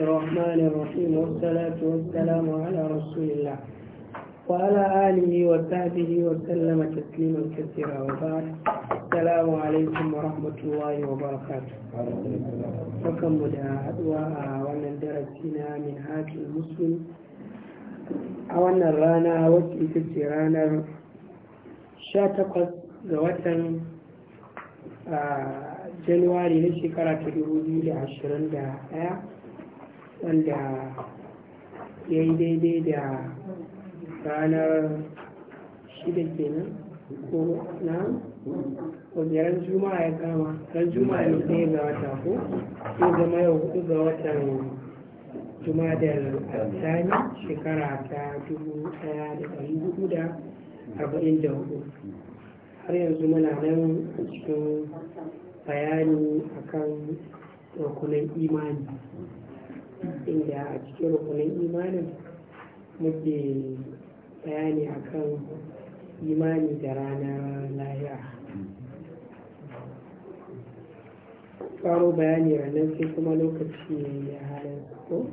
الرحمن الرحيم والصلاة والسلام على رسول الله وعلى آله وسعبه وسلم تسليما كثيرا وبعد السلام عليكم ورحمة الله وبركاته وكم دا أدواء وانا درسنا من هاج المسلم وانا الرانا وكي تسيرانا شاتقت زواتا جنواري لشكرة عشرين 2021 wanda ya yi daidai da ranar shida kenan ko na wajen ran juma'a ya kama ran juma'a ne ɗaya ga wata ko sai zama yau hudu ga watan juma da tsani shekara ta dubu ɗaya da ɗari hudu da arba'in da hudu har yanzu muna nan a cikin bayani akan kan imani inda a cikin rukunin imanin muke bayani akan imani da ranar lahira faro bayani ranar sai kuma lokaci ya halin ko?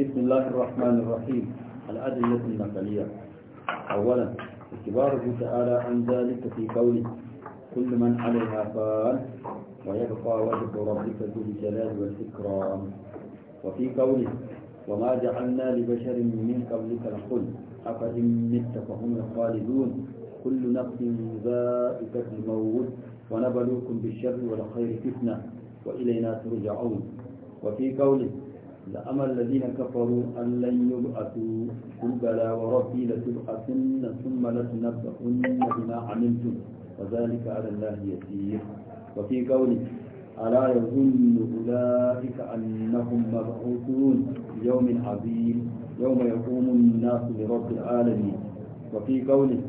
بسم الله الرحمن الرحيم الأدلة النقلية أولا اعتباره تعالى عن ذلك في قوله كل من عليها فان ويبقى وجه ربك ذو الجلال والإكرام وفي قوله وما جعلنا لبشر من قبلك الخلد أفإن مت فهم الخالدون كل نفس ذائقة الموت ونبلوكم بالشر والخير فتنة وإلينا ترجعون وفي قوله لأما الذين كفروا أن لن يبعثوا قل بلى وربي لتبعثن ثم لتنبؤن بما عملتم وذلك على الله يسير وفي قوله ألا يظن أولئك أنهم مبعوثون يوم عظيم يوم يقوم الناس لرب العالمين وفي قوله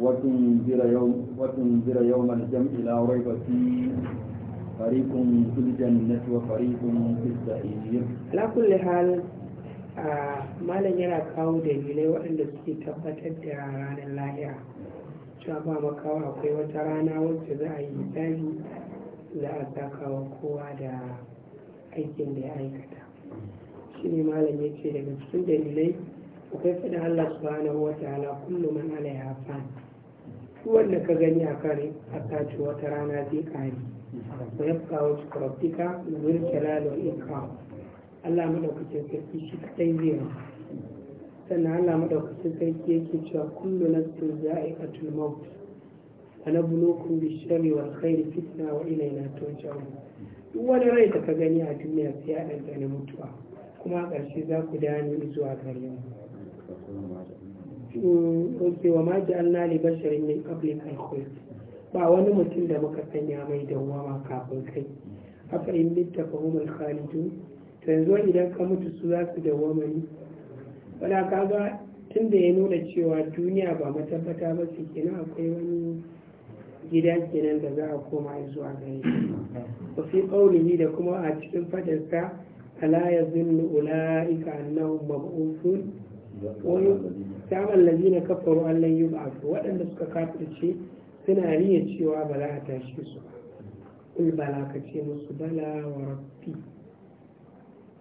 وتنذر يوم وتنذر يوم الجمع لا ريب فيه فريق في الجنة وفريق في السعير على كل حال ما لن يرى dalilai waɗanda وأن tabbatar da ranar lahira cewa ba makawa akwai wata rana wacce za a yi misali za a saka kowa da aikin da ya aikata shi ne malam ya ce daga cikin dalilai akwai fada Allah subhanahu wa ta'ala kullum man alaiha fan wanda ka gani a kare a tace wata rana zai kare wa yabqa wa zuwa kira da wal kawo Allah maɗaukacin sarki shi kadai zai sannan Allah madaukakin sarki yake cewa kullu nafsin za'iqatul maut wa nabluukum bi sharri wal khairi fitna wa ilayna turja'un duk wani rai da ka gani a duniya sai ya dangane mutuwa kuma a ƙarshe za ku dani zuwa gare mu hmm, oke wa ma ja'alna li basharin min qablika al-khuld ba wani mutum da muka sanya mai ma kafin kai haka in litta fa humul khalidun to yanzu idan ka mutu su za su dawwama wala kaga tun da ya nuna cewa duniya ba matabbata ba su ke kenan akwai wani gida kenan da za a koma zuwa gare ba fi ƙaunihi da kuma a cikin fadarsa ala ya ula'ika na mab'uthun wani samun na kafar wallon yi ba waɗanda suka kafirce suna riya cewa ba za a tashi su ba bala ka ce musu bala wa rafi.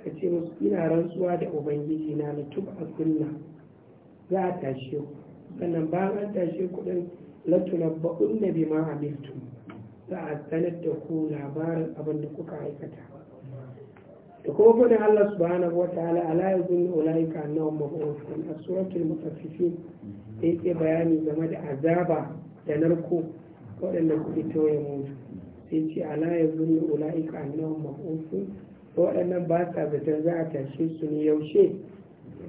ka ce musu ina rantsuwa da ubangiji na na tuba a kunna za a tashe ku sannan bayan an tashe ku din latuna ba'un na bi ma amiltu za a sanar da ku labarin abin da kuka aikata da kuma gudun Allah subhanahu wa ta'ala ala ya zunni na annahum mabu'uthun a suratul mutaffifin da yake bayani game da azaba da narko waɗanda fito ya mutu sai ce ala ya zunni na annahum mabu'uthun waɗannan ba sa zaton za a tashe su ne yaushe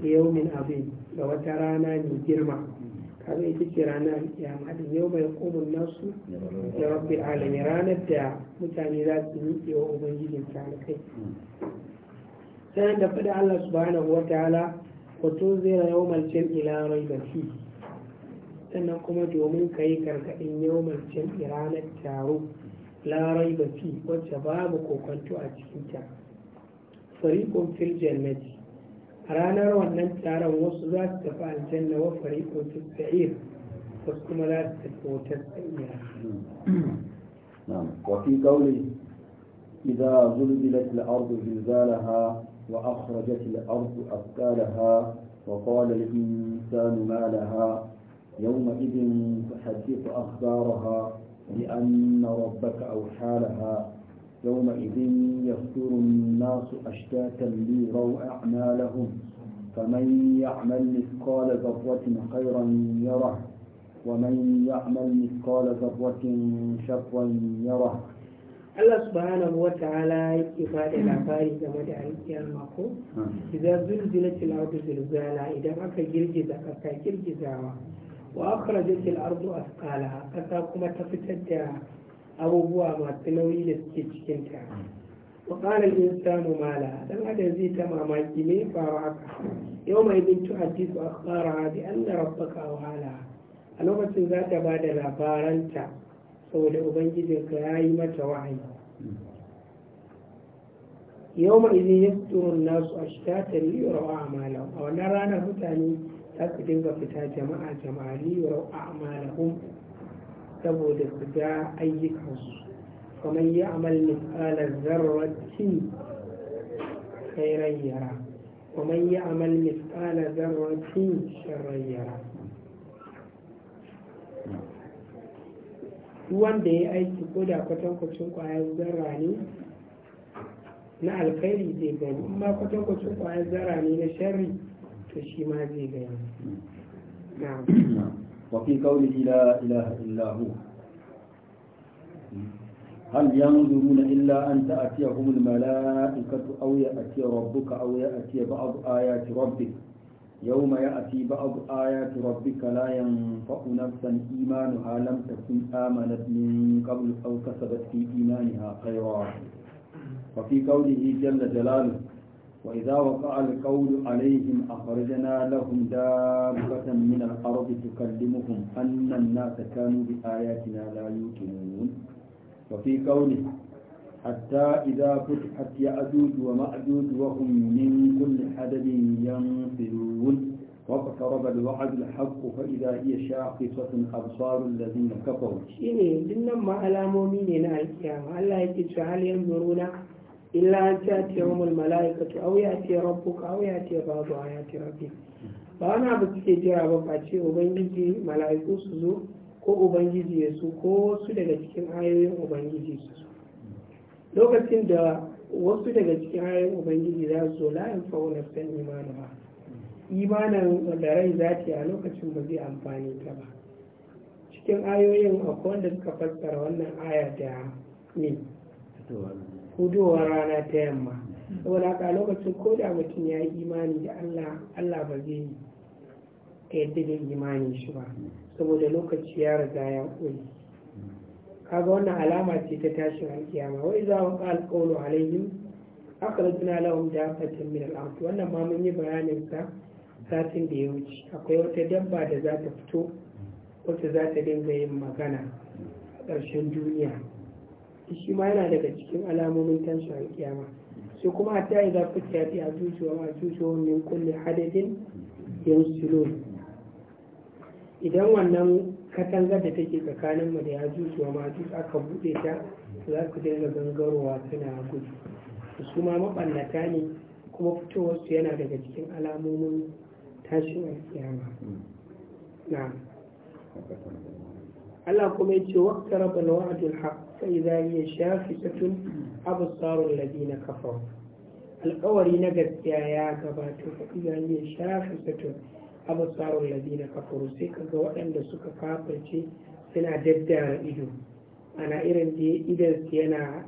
yau min abin da wata rana mai girma kaga ita ce ranar ya da yau mai kumun nasu da rabbi alami ranar da mutane za su yi wa ubangijin talakai sanar da faɗi allah subhanahu wa ta'ala wato zai yau malcin ilarai da fi sannan kuma domin ka yi gargaɗin yau malcin ranar taro larai da fi wacce babu kokonto a cikinta فريق في الجنة أرانا وأن أنت على وصلة تفع الجنة وفريق في السعير فاسكم لا تفوت السعير نعم وفي قوله إذا زلزلت الأرض زلزالها وأخرجت الأرض أثقالها وقال الإنسان ما لها يومئذ تحدث أخبارها لأن ربك أوحى لها يومئذ يفتر الناس أشتاتا ليروا أعمالهم فمن يعمل مثقال ذرة خيرا يره ومن يعمل مثقال ذرة شرا يره Allah subhanahu wa ta'ala yake bada labari game da alkiyar mako idza zulzilatil ardu zilzala idan aka girgiza kasa girgizawa wa akhrajatil ardu asqalaha kasa kuma ta fitar da abubuwa masu nauyi da suke cikin ta wa qala insanu mala dan adam zai ta mamaki ne faru haka yau mai bin tu hadisu akhbara bi anna rabbaka wahala. a lokacin za ta ba da labaranta saboda ubangijinka ya yi mata wahayi yau mai zai yasturun nasu a shita ta liyar wa a wannan ranar mutane za su dinga fita jama'a jama'a liyar wa amalahum saboda su ga ayyukansu kamar yi amal misalar zarracin khairan yara kamar yi amal misalar zarracin sharran yara wanda ya aiki ko da kwatankwacin kwayar zarra ne na alkhairi zai gani amma kwatankwacin kwayar zarra ne na sharri to shi ma zai gani na'am وفي قوله لا إله إلا هو هل ينظرون إلا أن تأتيهم الملائكة أو يأتي ربك أو يأتي بعض آيات ربك يوم يأتي بعض آيات ربك لا ينفع نفسا إيمانها لم تكن آمنت من قبل أو كسبت في إيمانها خيرا وفي قوله جل جلاله وإذا وقع القول عليهم أخرجنا لهم دابة من الأرض تكلمهم أن الناس كانوا بآياتنا لا يوقنون وفي قوله حتى إذا فتحت يأجوج ومأجوج وهم من كل حدب ينفلون واقترب الوعد الحق فإذا هي شاخصة أبصار الذين كفروا. شيني دلنا ما ألامو مين القيامة الله يكتب هل ينظرون illa an ta ce wa mala'ikatu aw ya ce rabbuka aw ya ce rabbi ba wani abu suke jira ba face ubangiji mala'iku su zo ko ubangiji ya su ko su daga cikin ayoyin ubangiji su zo lokacin da wasu daga cikin ayoyin ubangiji za su zo la yanfa'u nafsan imanuha imanin da rai za ta a lokacin ba zai amfani ta ba cikin ayoyin akwai wanda suka fassara wannan aya da ne hudowar rana ta yamma saboda haka lokacin ko da mutum ya yi imani da allah allah ba zai yadda da imani shi ba saboda lokaci ya riga ya ƙuri kaga wannan alama ce ta tashin alkiyama wai za mu ƙal ƙaunu alaihim akhrajna lahum dafatan min al wannan ma mun yi bayanin sa satin da ya wuce akwai wata dabba da za ta fito wata za ta dinga yin magana a ƙarshen duniya shi ma yana daga cikin alamomin tashin alkiyama sai kuma hatta ya zafi kiyati a zuciwa a zuciwa min kulle hadadin yansilon idan wannan katangar da take tsakanin mu da ya zuciwa ma duk aka buɗe ta za ku dinga gangarowa suna gudu su ma maɓallata ne kuma fitowar su yana daga cikin alamomin tashin alkiyama na Allah kuma yace waqta rabbal al-haq fa idha hiya shafi'atun absarul alladhina kafaru alƙawari na gaskiya ya gabato fa idha hiya shafi'atun absarul alladhina kafaru sai kaga waɗanda suka kafirce suna daddara ido ana irin da idan yana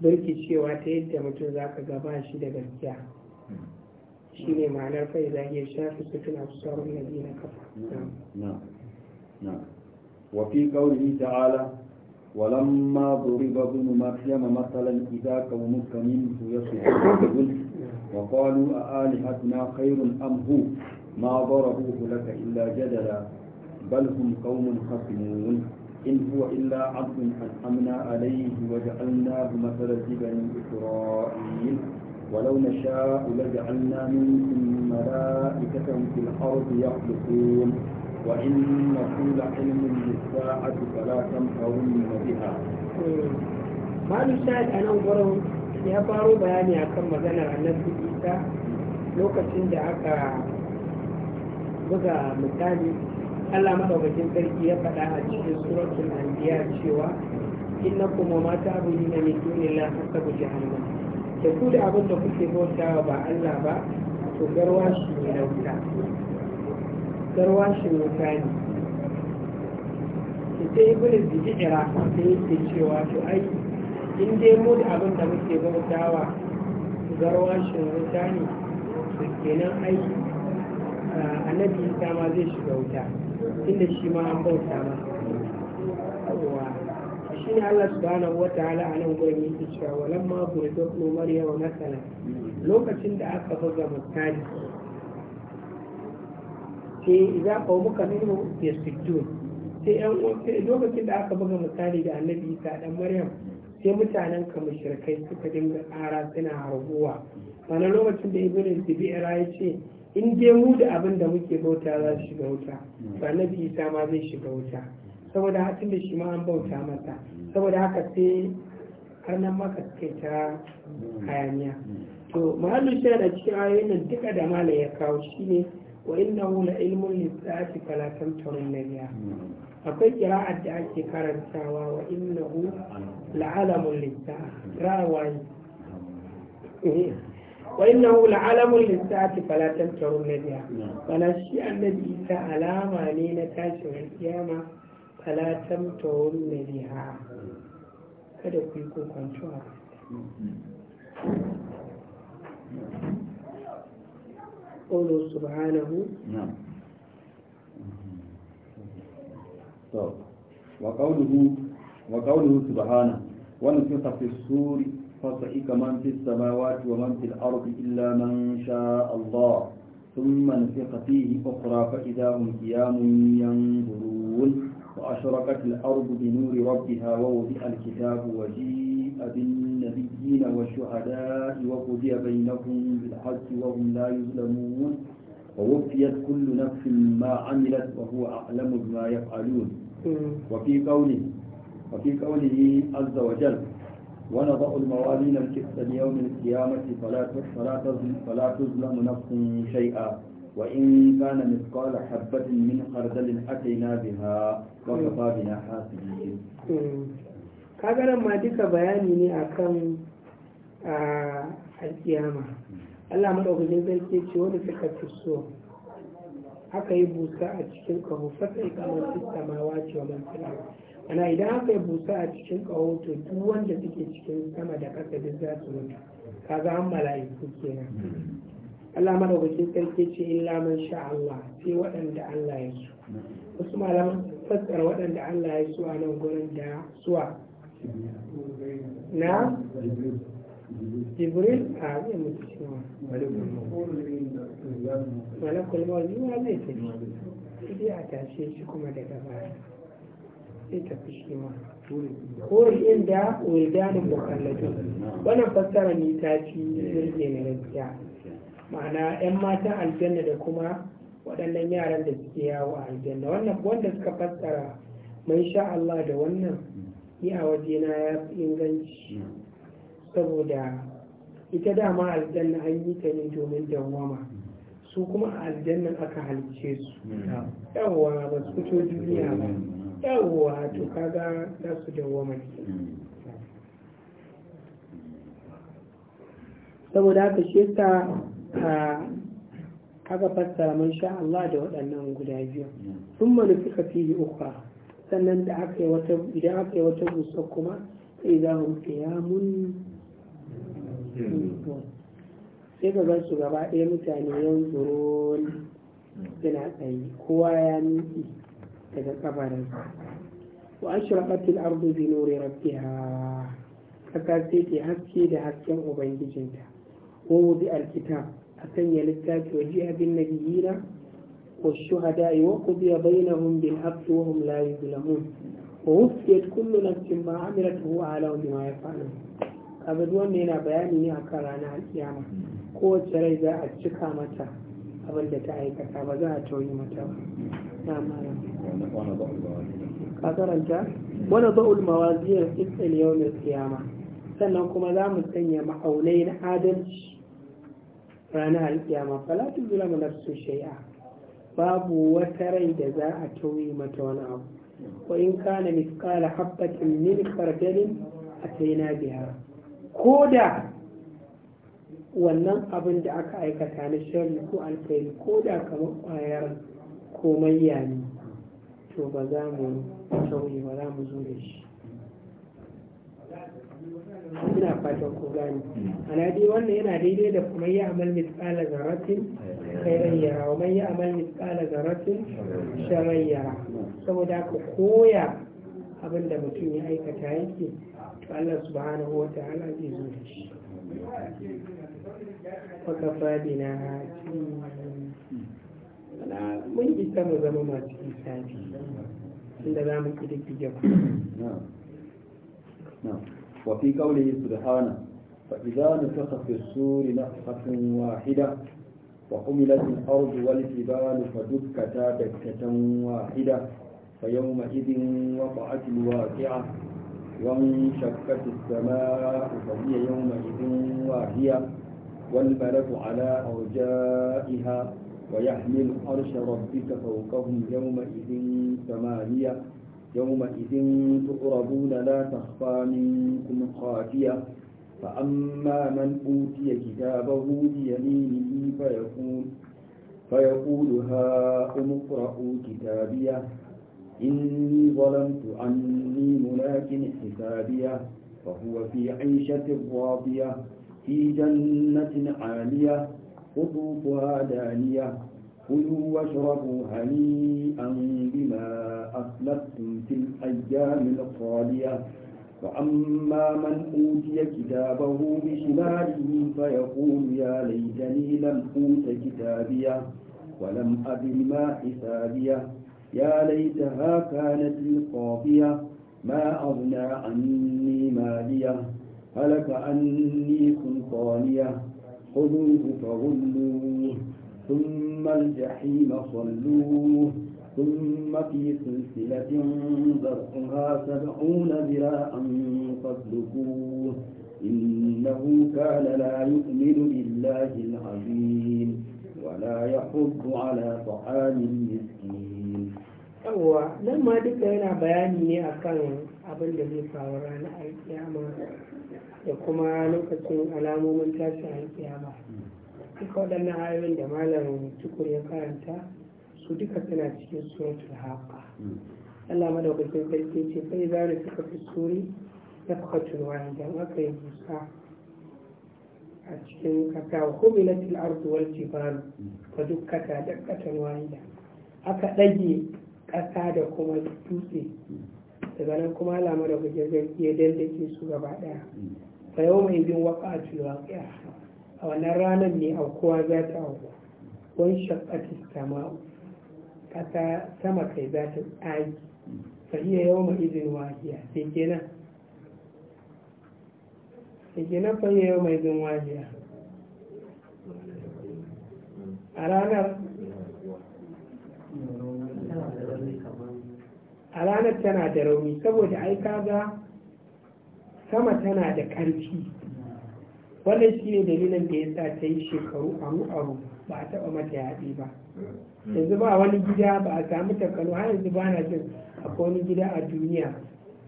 birkicewa ta yadda mutum za ka gaba shi da gaskiya shi ne ma'anar fa'iza ya shafi sutun absarul ladina kafaru na'am na'am وفي قوله تعالى ولما ضرب ابن مريم مثلا إذا قومك منه يصدقون وقالوا الهتنا خير أم هو ما ضربوه لك إلا جدلا بل هم قوم خصمون إن هو إلا عبد أنعمنا عليه وجعلناه مثلا لبني إسرائيل ولو نشاء لجعلنا منكم ملائكة في الأرض يخلقون وإنه لعلم للساعة فلا تمترن بها malu shahid a nan gurin ya faro bayani akan maganar annabi isa lokacin da aka buga misali allah maɗaukakin sarki ya faɗa a cikin suratul anbiya cewa inna kuma mata abu yi na mituni jahannam da ku da abin da kuke bautawa ba allah ba to garwa shi ne na wuta garwashin wuta ne yi iblis da ira da yake cewa to ai in dai mu da abin da muke bautawa garwashin wuta ne to kenan ai annabi isa ma zai shiga wuta inda shi ma an bauta masa shi ne Allah subhanahu wa ta'ala a nan gurin yake cewa walamma da ibnu maryama masalan lokacin da aka buga mutane. sai za ka muka ya yastajun sai yan lokacin da aka buga misali da annabi isa dan maryam sai mutanen ka mushrikai suka dinga ƙara suna harguwa wani lokacin da ibn zibira ya ce in dai mu da abin da muke bauta za su shiga wuta ba annabi isa ma zai shiga wuta saboda hatin da shi ma an bauta masa saboda haka sai har nan maka suke ta hayaniya to mahallin shi da cikin ayoyin nan duka da mala ya kawo shine wa innahu la ilmun lissaati fala tamtarunna biha akwai kira'ar da ake karantawa wa innahu la'alamun lissaati rawayi wa innahu la'alamun lissaati fala tamtarunna biha bana shi annabi isa alama ne na tashin kiyama fala tamtarunna biha kada ku yi kokonto a قوله سبحانه نعم طب وقوله وقوله سبحانه ونفخ في السور فصعق من في السماوات ومن في الأرض إلا من شاء الله ثم نفخ فيه أخرى فإذا هم قيام ينظرون وأشرقت الأرض بنور ربها ووضع الكتاب وجيء بالنور النبيين والشهداء وقضي بينهم بالحق وهم لا يظلمون ووفيت كل نفس ما عملت وهو أعلم بما يفعلون وفي قوله وفي قوله عز وجل ونضع الموالين الكفة ليوم القيامة فلا فلا فلا تظلم نفس شيئا وإن كان مثقال حبة من خردل أتينا بها وكفى بنا حاسبين kagaran ma duka bayani ne akan a kiyama Allah maɗaukakin sarki ce wanda suka fi so aka yi busa a cikin ƙaho fasa ikamar ma ce wa mansala ana idan aka yi busa a cikin ƙaho to duk wanda suke cikin sama da ƙasa duk za su mutu kaga an mala'iku kenan Allah maɗaukakin sarki ce illa laman sha Allah sai waɗanda Allah ya so wasu malaman fassara waɗanda Allah ya so a nan gurin da suwa na jibril a zai mutu cewa malakul mawali ma zai tafi sai a tashe shi kuma daga baya sai tafi shi ma kori inda wildanin mukallafin wannan fassara ni ta ci birge na gaskiya ma'ana 'yan matan aljanna da kuma waɗannan yaran da suke yawo a aljanna wannan suka fassara mai Allah da wannan ni a wajena ya fi inganci hmm. saboda ita dama aljanna an yi ta ne domin dawwama su kuma a aljannan aka halice su hmm. yawwa ba su fito duniya ba hmm. yawwa to kaga za su dawwama saboda haka shi yasa aka fassara mun sha Allah da waɗannan guda biyu sun manufi ka yi uku sannan da aka yi wata idan aka yi wata busa kuma sai za mu sai ga zan su gaba ɗaya mutane yan tsoro suna tsaye kowa ya nufi daga kabarinsa wa ɓatil arzu bi nuri ha kaka sai ke haske da hasken ubangijinta ko wuzi alkitab a sanya littafi wa jiya bin nabiyina والشهداء وقضي بينهم بالحق وهم لا يظلمون ووفيت كل نفس ما عملت هو أعلم بما يفعلون abin wannan yana bayani ne akan ranar alkiyama kowace rai za a cika mata abin da ta aikata ba za a tauyi mata ba na mara ka wani ba'ul mawaziyar isal yau na kiyama sannan kuma za mu sanya ma'aunai na adalci ranar alkiyama falatu zulama nafsu shai'a babu wata rai da za a tauye mata wani abu ko in kana misqala habbatin min a ataina biha ko da wannan abin da aka aikata na sharri ko alkhairi ko da kamar kwayar komai ne to ba za mu tauye ba za mu zo da shi ina fatan ku gani ana dai wannan yana daidai da kuma ya amal misqala zaratin kairan yara wa man ya amal misqala zaratin sharran yara saboda ku koya abin da mutum ya aikata yake to Allah subhanahu wa ta'ala zai zo da shi wa fadi na mun isa mu zama masu isafi inda za mu kididdige ku وفي قوله سبحانه فإذا نفخ في السور نفخة واحدة وحملت الأرض والجبال فدكتا دكة واحدة فيومئذ وقعت الواقعة وانشقت السماء فهي يومئذ واهية والبلد على أرجائها ويحمل عرش ربك فوقهم يومئذ ثمانية يومئذ تقربون لا تخفى منكم خافية فأما من أوتي كتابه بيمينه فيقول فيقول هاؤم اقرءوا كتابيه إني ظلمت أني ملاك حسابيه فهو في عيشة راضية في جنة عالية قطوفها دانية كلوا واشربوا هنيئا بما أسلفتم في الأيام الخالية فأما من أوتي كتابه بشماله فيقول يا ليتني لم أوت كتابيه ولم أدر ما حسابيه يا ليتها كانت القاضية ما أغنى عني ماليه هلك عني سلطانيه خذوه فغلوه ثم الجحيم صلوه ثم في سلسلة ذرقها سبعون ذراعا فاسلكوه إنه كان لا يؤمن بالله العظيم ولا يحض على طعام المسكين أوه لما ذكرنا بياني أكان abin da zai faru ranar alkiyama da kuma lokacin alamomin tashin alkiyama duka waɗannan ayoyin da malam tukur ya karanta su duka suna cikin suratul haka Allah madaukakin sarki ce fa idza suka fi suri na wani da aka yi busa a cikin kasa wa humilat al-ard wal jibal fa dukkata dakkatan wahida aka ɗage ƙasa da kuma dutse daga nan kuma Allah madaukakin sarki ya dandake su gaba daya fa yawma idin waqa'atul waqi'a a wannan ranar ne aukuwa za ta auku wani shakati kama kasa sama kai za ta ta iya yau ma izin wahiya sai kenan sai kenan iya yau ma izin wajiya a ranar a ranar tana da rauni saboda ai ga sama tana da ƙarfi wannan shi ne dalilin da ya sa ta yi shekaru aru aru ba a taɓa mata yaɗi ba yanzu ba wani gida ba a samu takalu har yanzu ba na jin akwai wani gida a duniya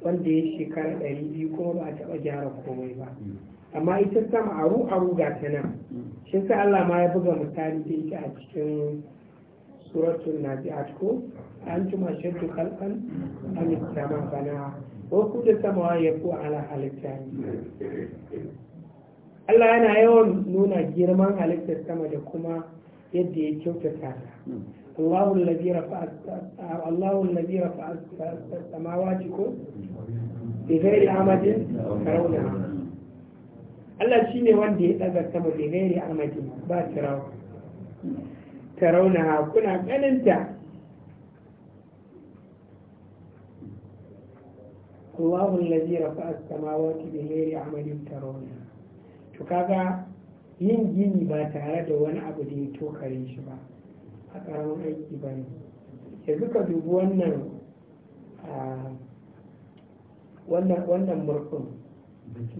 wanda ya shekara ɗari biyu kuma ba a taɓa gyara komai ba amma ita sama aru aru ga ta nan shi sa Allah ma ya buga misali da ita a cikin suratul nazi'at ko an tuma shaddu khalqan am sama bana wa kullu samawa ku ala halitta Allah yana yawan nuna girman halittar sama da kuma yadda ya kyautata ta Allahu allazi rafa'a Allahu allazi rafa'a samawati ko bi ghairi amadin tarawna Allah ne wanda ya ɗaga sama bi ghairi amadin ba tarau. tarawna kuna ganinta Allahu a samawa ciko bi ghairi amadin tarauna. to kaga yin gini ba tare da wani abu da ya tokare shi ba a ƙaramin aiki ba ne yanzu ka dubi wannan wannan murfin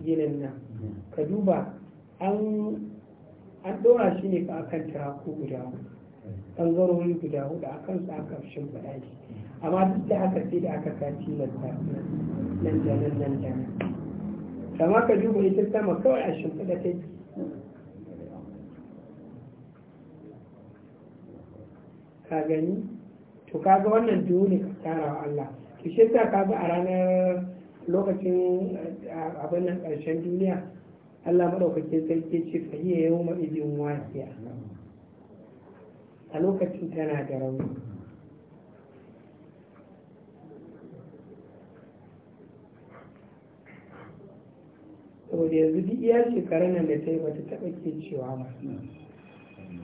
ginin nan ka duba an ɗora shi ne fa akan tarako guda hudu ɓangarori guda hudu a kan su aka shimfiɗa amma duk da aka sai da aka sa tilasta nan da nan da nan kama ka duba ita sama kawai a shimfiɗa take ka gani to kaga wannan duhu ne ka tara wa Allah ki shi yasa kaga a ranar lokacin abin nan ƙarshen duniya Allah madaukakin sarki ce fahiya yau ma idin wasiya a lokacin tana da rauni saboda yanzu duk iya shekarun nan da ta yi bata taɓa ke cewa ba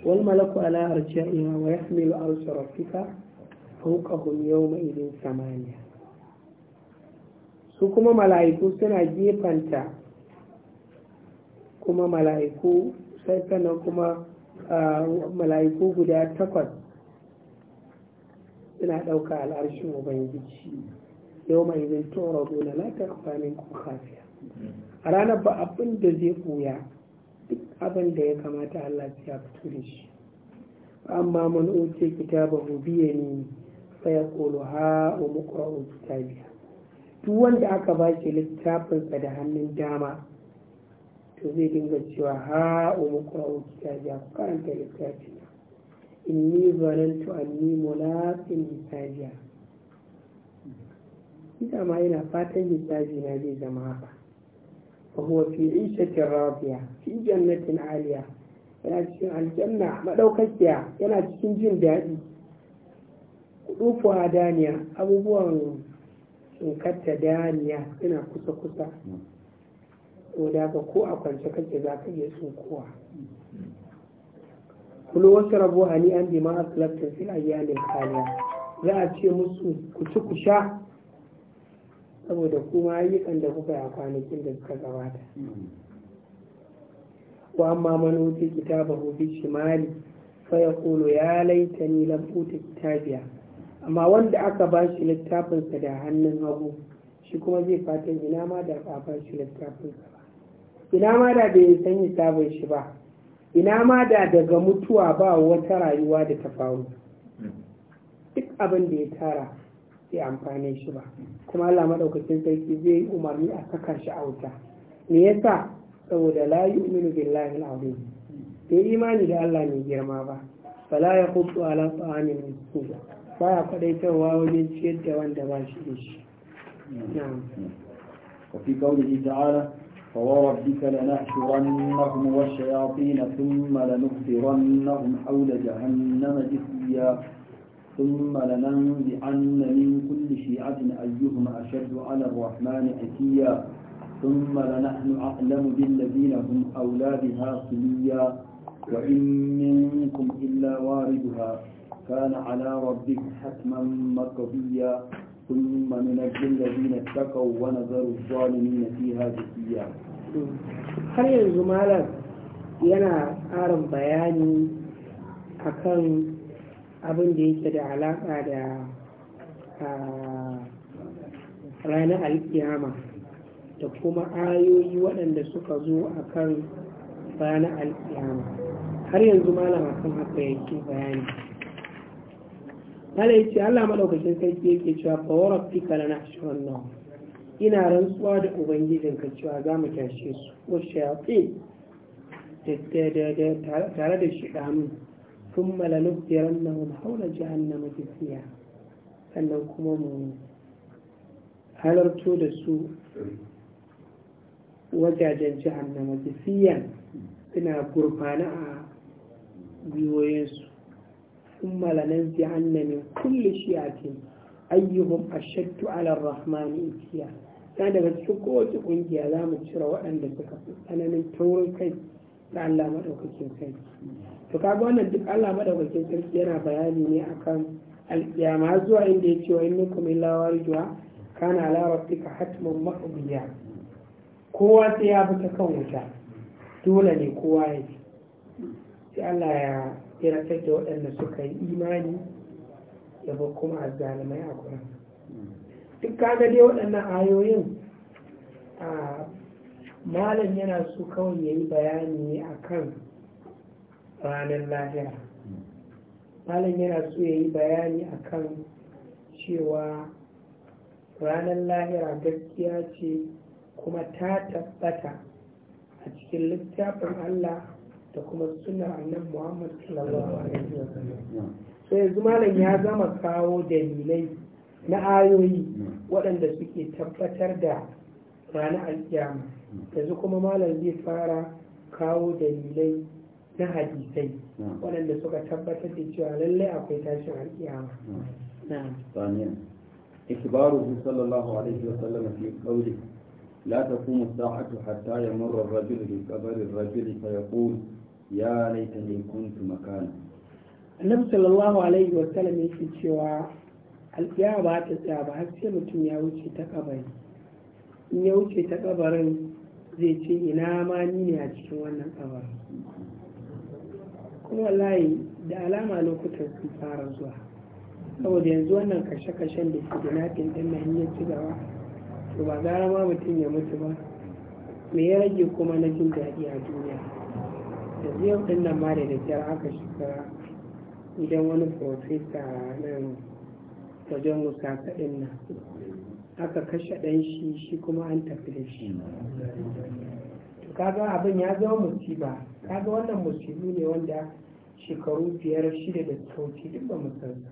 wal malaku ala ina wa yahmilu arsha rabbika fawqahum yawma idin samaniya su kuma mala'iku suna gefanta kuma mala'iku sai sannan kuma mala'iku guda takwas suna ɗauka al'arshin ubangiji yau mai zai toro dole na ta amfanin kuka fiya a ranar ba abin da zai koya duk abin da ya kamata Allah ya fito da shi amma man uce mu biye ne fa kulu ha muqra'u kitabiya duk wanda aka ba shi littafinsa da hannun dama to zai dinga cewa ha muqra'u kitabiya ku karanta littafin inni zanantu anni mulaqin hisabiya ita ma yana fatan hisabi na zai zama haka وهو في عيشة راضية في جنة عالية yana cikin aljanna madaukakiya yana cikin jin daɗi rufuwa daniya abubuwan shinkatta daniya suna kusa-kusa to ko a kwance kake za ka iya tsokowa kulo wasu rabu hani an bi ma asalaftin fil ayyamin kaliya za a ce musu ku ci ku sha saboda kuma ayyukan da kuka a kwanakin da suka gabata wa amma manufi kitabahu fi shimali fa kolo ya laitani lam uta kitabiya amma wanda aka ba shi littafinsa da hannun hagu shi kuma zai fatan ina ma da ba ba shi littafinsa ba ina ma da bai san hisabin shi ba ina ma da daga mutuwa ba wata rayuwa da ta faru duk abin da ya tara sai amfane shi ba kuma Allah madaukakin sarki zai umarni a saka shi a wuta me yasa saboda la yu'minu billahi al-azim bai imani da Allah mai girma ba fala ya kutu ala ta'amin miskin ba ya wajen ciyar da wanda ba shi da shi وفي قوله تعالى فوربك لنحشرنهم والشياطين ثم لنحضرنهم حول جهنم جثيا ثم لننزعن من كل شيعة أيهم أشد على الرحمن عتيا ثم لنحن أعلم بالذين هم أولى بها صليا وإن منكم إلا واردها كان على ربك حتما مقضيا ثم ننجي الذين اتقوا ونذر الظالمين فيها جثيا هل ينزو مالك yana بياني bayani abin da yake da alaƙa da ranar alkiyama da kuma ayoyi waɗanda suka zo a kan ranar alkiyama har yanzu malama sun haka yake bayani Allah ya ce Allah maɗaukacin sarki yake cewa fawarar fika na nashirin nan ina rantsuwa da ubangijinka cewa za mu tashe su ko shafi tare da shi ɗanu ثم لنبترنهم حول جهنم جثيا sannan kuma mu halarto da su wajajen jahannama jisiyan suna gurfana a gwiwoyinsu sun nan jihannamin kulle shi a cikin ayyuhun ashattu alar rahmani ikiya na daga cikin kowace kungiya za mu cire waɗanda suka fi tsananin taurin kai da Allah madaukakin sarki to kaga wannan duk Allah madaukakin sarki yana bayani ne akan alƙiyama zuwa inda ya ce wa in minkum illa kana ala rabbika hatman maqdiya kowa sai ya fita kan wuta dole ne kowa ya ji sai Allah ya kiratar da waɗanda suka yi imani ya ba kuma azzalimai a kuran duk kaga dai waɗannan ayoyin a ah, malam yana so kawai ya yi bayani ne a kan ranar lahira malam yana so ya bayani a cewa ranar lahira gaskiya ce kuma ta tabbata a cikin littafin allah da kuma suna annabi muhammad sallallahu alaihi wasallam so yanzu malam ya zama kawo dalilai na ayoyi waɗanda suke tabbatar da ranar alkiyama yanzu kuma malam zai fara kawo dalilai na hadisai waɗanda suka tabbatar da cewa lallai akwai tashin alkiyama إخباره صلى الله عليه وسلم في قوله لا تقوم الساعة حتى يمر الرجل بقبر الرجل فيقول يا ليتني كنت مكانا النبي صلى الله عليه وسلم يقول القيامة تسابة هل سيمتم يا وجه in ya wuce ta kabarin zai ce ina ma ni ne a cikin wannan kabarin kuma layi da alama lokutan sun fara zuwa saboda yanzu wannan kashe-kashen da ke jinafin din na hanyar cigawa to ba gara ma mutum ya mutu ba me ya rage kuma na jin daɗi a duniya Da yau din nan ma da daddare aka shiga idan wani profesa nan wajen musa ɗin nan aka kashe ɗan shi shi kuma an tafi da shi kaga abin ya zama musiba kaga wannan musibu ne wanda shekaru biyar shida da sauti duk ba musamman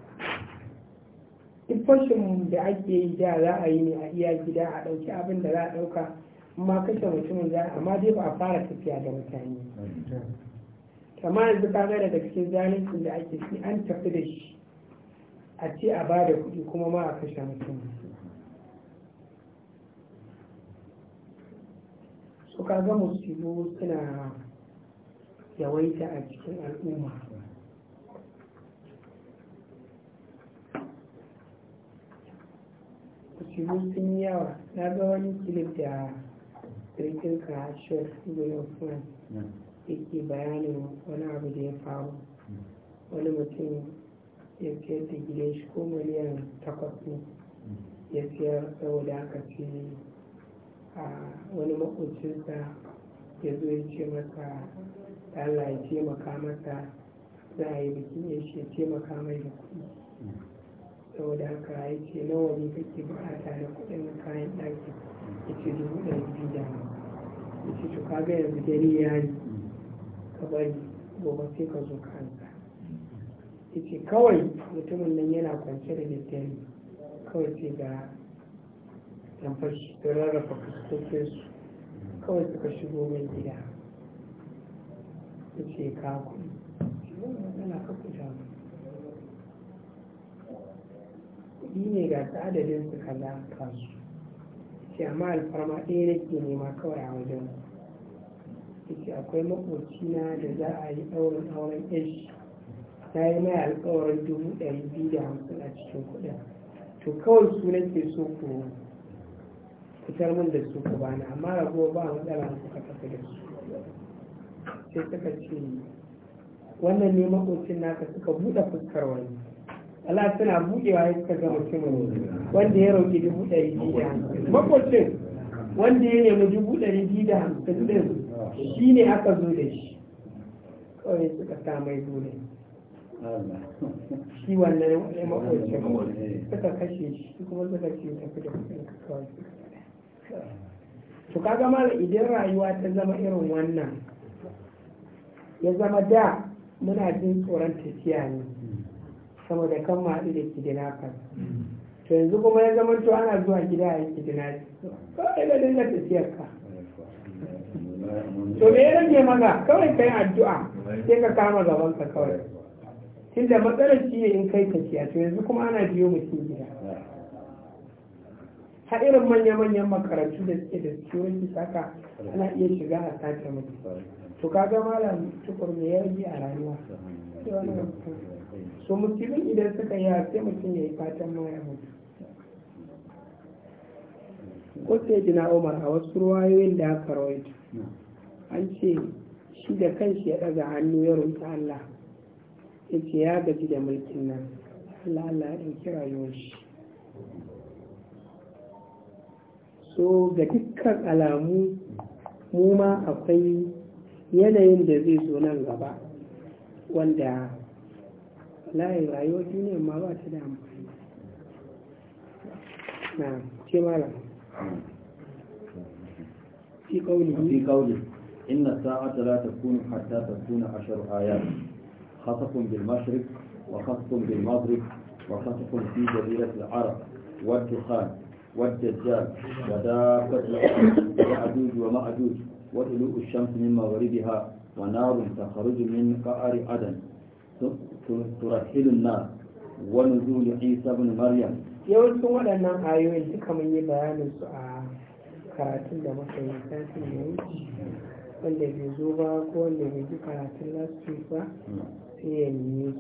duk fashin da ake yi da za a yi ne a iya gida a ɗauki abin da za a ɗauka amma kashe mutumin za amma dai ba a fara tafiya da mutane kamar yanzu gane daga cikin zalincin da ake shi an tafi da shi a ce a ba da kuɗi kuma ma a kashe mutum to kaga musulmi suna yawaita a cikin al'umma musulmi sun yi yawa na ga wani kilif da kirkin kashir william frank ke bayanin wani abu da ya faru wani mutum ya siyar da gidan shi ko miliyan takwas ne ya siyar saboda aka ce a wani makocinsa ya zo ya ce masa Allah ya taimaka masa za a yi bikin ya ce taimaka mai da kuɗi saboda haka ya ce nawa ne kake bukata da kuɗin kayan ɗaki ya ce dubu ɗari biyu da ya ce to ga yanzu dare ya yi ka bari gobe sai ka zo kansa ya ce kawai mutumin nan yana kwance da daddare kawai sai ga yan da rarrafa fuskokin su kawai suka shigo mai gida ce yana ne adadin su kaza nake nema kawai a wajen ce da za yi ɗaurin auren yashi mai alkawarin dubu ɗari da hamsin a cikin kuɗin to kawai su nake so fitar min da su ku bani amma ragowa ba matsala suka tafi da su sai suka ce wannan ne makocin naka suka buɗe fuskar wani Allah suna buɗewa ya suka ga mutumin wanda ya roƙi dubu ɗari biyu da makocin wanda ya nemi dubu ɗari biyu da hamsin ɗin shi ne aka zo da shi kawai suka sa mai dole shi wannan makocin suka kashe shi kuma suka ce tafi da kuɗin kawai to kaga mala idan rayuwa ta zama irin wannan ya zama da muna jin tsoron tafiya ne sama da kan maɗu da kan to yanzu kuma ya zama to ana zuwa gida a yi Ko kawai da dinga tafiyar ka to me ya rage maga, kawai kai addu'a sai ka kama gaban ka kawai tunda matsalar shi in kai tafiya to yanzu kuma ana biyo mutum gida ta irin manya-manyan makarantu da suke da security saka ana iya shiga a sake mutu to ka ga malam tukur me ya yi a rayuwa so musulmi idan suka yi sai mutum ya yi fatan ma ya mutu ko sai jina umar a wasu ruwayoyin da aka rawaito an ce shi da kanshi ya ɗaga hannu ya rumta Allah ya ce ya gaji da mulkin nan Allah Allah ya ɗauki rayuwar shi so ga dukkan alamu mu ma akwai yanayin da zai zo nan gaba wanda layin rayuwar ne ma ba ta da amfani na ce mara fi kauli إن الساعة لا تكون حتى تكون عشر آيات خطف بالمشرق وخطف بالمغرب وخطف في جزيرة العرب والدخان والدجال ودابة وعجوج ومأجوج وطلوع الشمس من مغربها ونار تخرج من قعر عدن ترحل النار ونزول عيسى بن مريم yawancin waɗannan ayoyin duka mun yi bayanin su a karatun da muka yi satin da wuce wanda bai zo ba ko bai ji karatun last ba sai ya nemi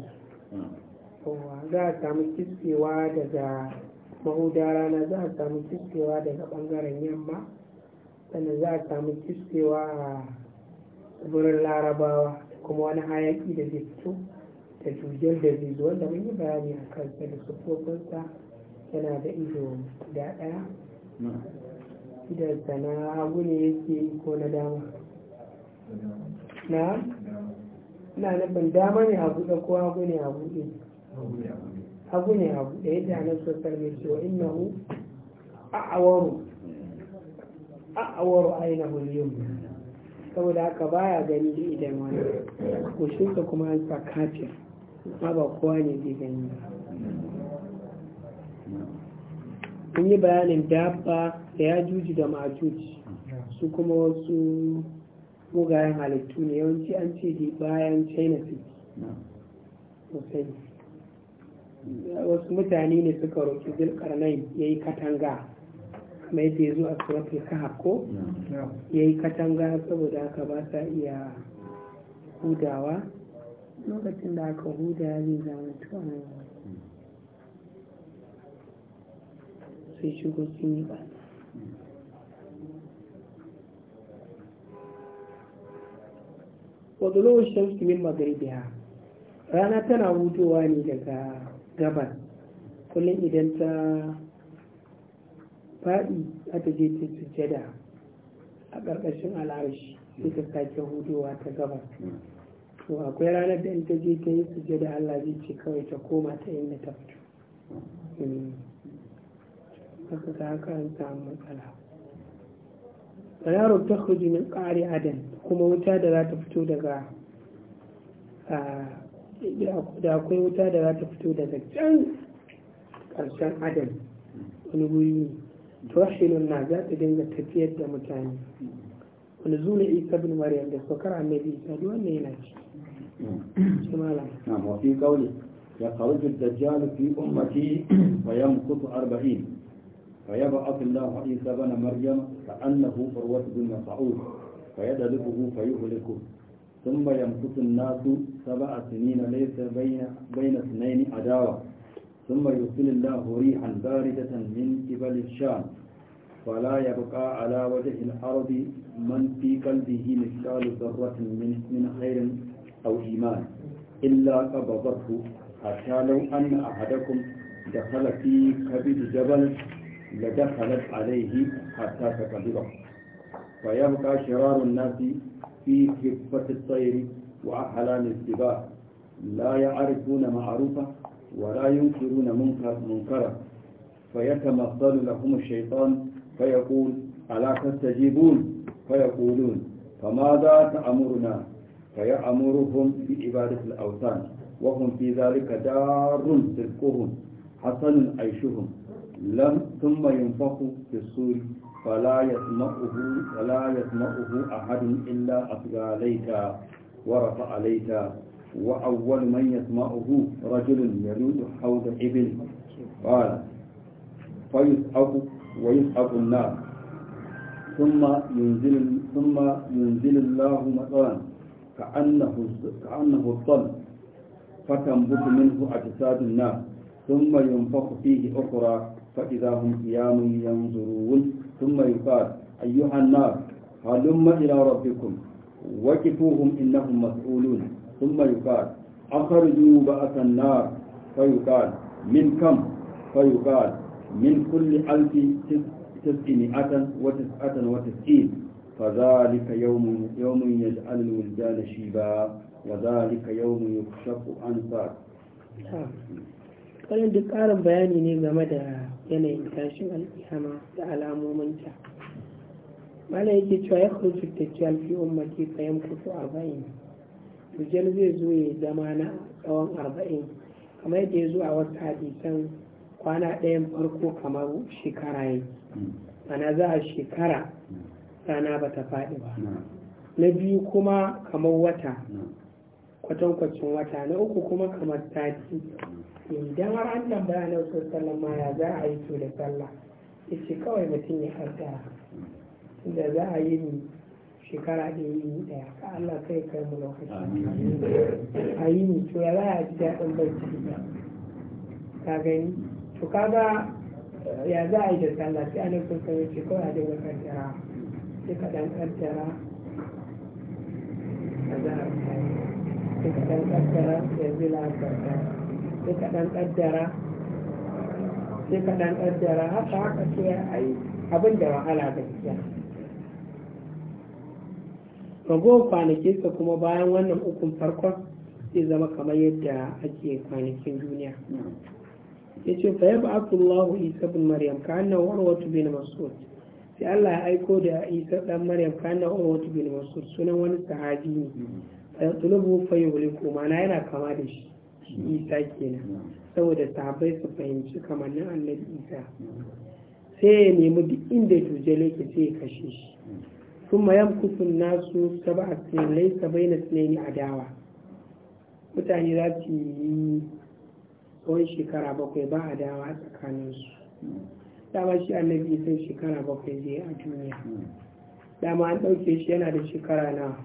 su za a samu kiskewa daga mahuda rana za a samu kiskewa daga bangaren yamma sannan za a samu kiskewa a tsibirin larabawa kuma wani hayaki da zai fito da jujjel da zai zo wanda mun yi bayani a kansa da sufofinsa yana da ido da ɗaya idansa na hagu ne yake ko na dama na na nufin dama ne a buɗe ko hagu ne a buɗe Abu ne abu da yadda hannun sosar mai cewa inna hu a'awaru a'awaru aina huliyun saboda haka baya gani da idan wani kushinsa kuma an sa kafin ma ba kowa ne zai gani mun yi bayanin dabba da ya juji da majuji su kuma wasu mugayen halittu ne yawanci an ce bayan china city wasu mutane ne suka roƙi nan ya yi katanga mai yadda zuwa tsoron ka ko ya yi katanga saboda haka ba sa iya hudawa lokacin da aka huda zai zama tuwan sai shigo sun yi ba wadda lokacin min magaribiya rana tana hutowa ne daga gabar kullum idan ta faɗi a ta je ta sujada a ƙarƙashin al'arshi sai ta sake hudowa ta gabar to akwai ranar da in ta je ta yi sujada Allah zai ce kawai ta koma ta inda ta fito hmm. haka ta haka an samu matsala tsararru ta hujji min ƙari adan kuma wuta da za ta fito daga ah, da akwai wuta da za ta fito daga can ƙarshen adam wani guri tuwashilun na za ta dinga tafiyar da mutane wani zuwa isa bin maryam da saukar annabi isa da wannan yana ci shi malam na mafi kauli ya kharuju dajjal fi ummati wa yamkutu 40 fa yab'athu Allahu Isa bin Maryam ka annahu furwat bin Mas'ud fa yadlubuhu fa yuhlikuhu ثم يمكث الناس سبع سنين ليس بين بين اثنين عداوة ثم يرسل الله ريحا باردة من قبل الشام فلا يبقى على وجه الأرض من في قلبه مثقال ذرة من من خير أو إيمان إلا قبضته حتى لو أن أحدكم دخل في كبد جبل لدخلت عليه حتى تقبضه فيبقى شرار الناس في جبة الطير وأحلام السباع لا يعرفون معروفة ولا ينكرون منكر منكرا فيتمثل لهم الشيطان فيقول ألا تستجيبون فيقولون فماذا تأمرنا فيأمرهم بعبادة الأوثان وهم في ذلك دار تلكهم حسن عيشهم lam thumma yunfaku fi suri fala yasma'uhu fala yasma'uhu ahadun illa afga alayka wa rafa alayka wa awwal man yasma'uhu rajulun yaridu hawda ibil qala fayus'aku ثم ينزل ثم ينزل الله مطرا كأنه كأنه الطل فتنبت منه أجساد ثم ينفخ فيه فإذا هم قيام ينظرون ثم يقال أيها الناس هلم إلى ربكم وكفوهم إنهم مسؤولون ثم يقال أخرجوا بأس النار فيقال من كم فيقال من كل ألف تسعمائة وتسعة وتسعين فذلك يوم يوم يجعل الولدان شيبا وذلك يوم يكشف عن ساق wannan duk ƙarin bayani ne game da yanayin tashin alkihama da alamominta mala yake cewa ya kuma dajjal fi ummati fa yamkutu arba'in dajjal zai zo ya zama na tsawon arba'in kamar yadda ya zo a wasu hadisan kwana ɗayan farko kamar shekara yi ana za a shekara rana ba ta faɗi ba na biyu kuma kamar wata kwatankwacin wata na uku kuma kamar sati idan har an tambaya na wasu ma ya za a yi to da sallah ya ce kawai mutum ya harta da za a yi ni shekara da yi ni daya ka Allah kai kai mu lokaci a yi ni to ya za a ji daɗin barci ka gani to kaga eh, ya za a yi da sallah sai an yi san ce kawai a dinga kaddara sai ka dan kaddara ka za a sai ka dan kaddara yanzu la'akar kaddara sai ka dan kaddara sai ka dan kaddara haka haka sai ya ai abin da wahala gaskiya ragowar sa kuma bayan wannan ukun farkon zai zama kamar yadda ake kwanakin duniya ya ce fa yaba abdullahu isa bin maryam ka annan warwatu bin masud sai allah ya aiko da isa dan maryam ka annan warwatu bin masud sunan wani sahabi ne fa yatlubu fa yuhliku ma'ana yana kama da shi shi isa kenan saboda tabai su fahimci kamannin annabi isa sai ya nemi duk inda tuje yake sai ya kashe shi sun mayan kusur nasu saba a sinin ta bai na a dawa mutane za su yi tsawon shekara bakwai ba a dawa a tsakaninsu dama shi annabi isa shekara bakwai zai a duniya dama an ɗauke shi yana da shekara na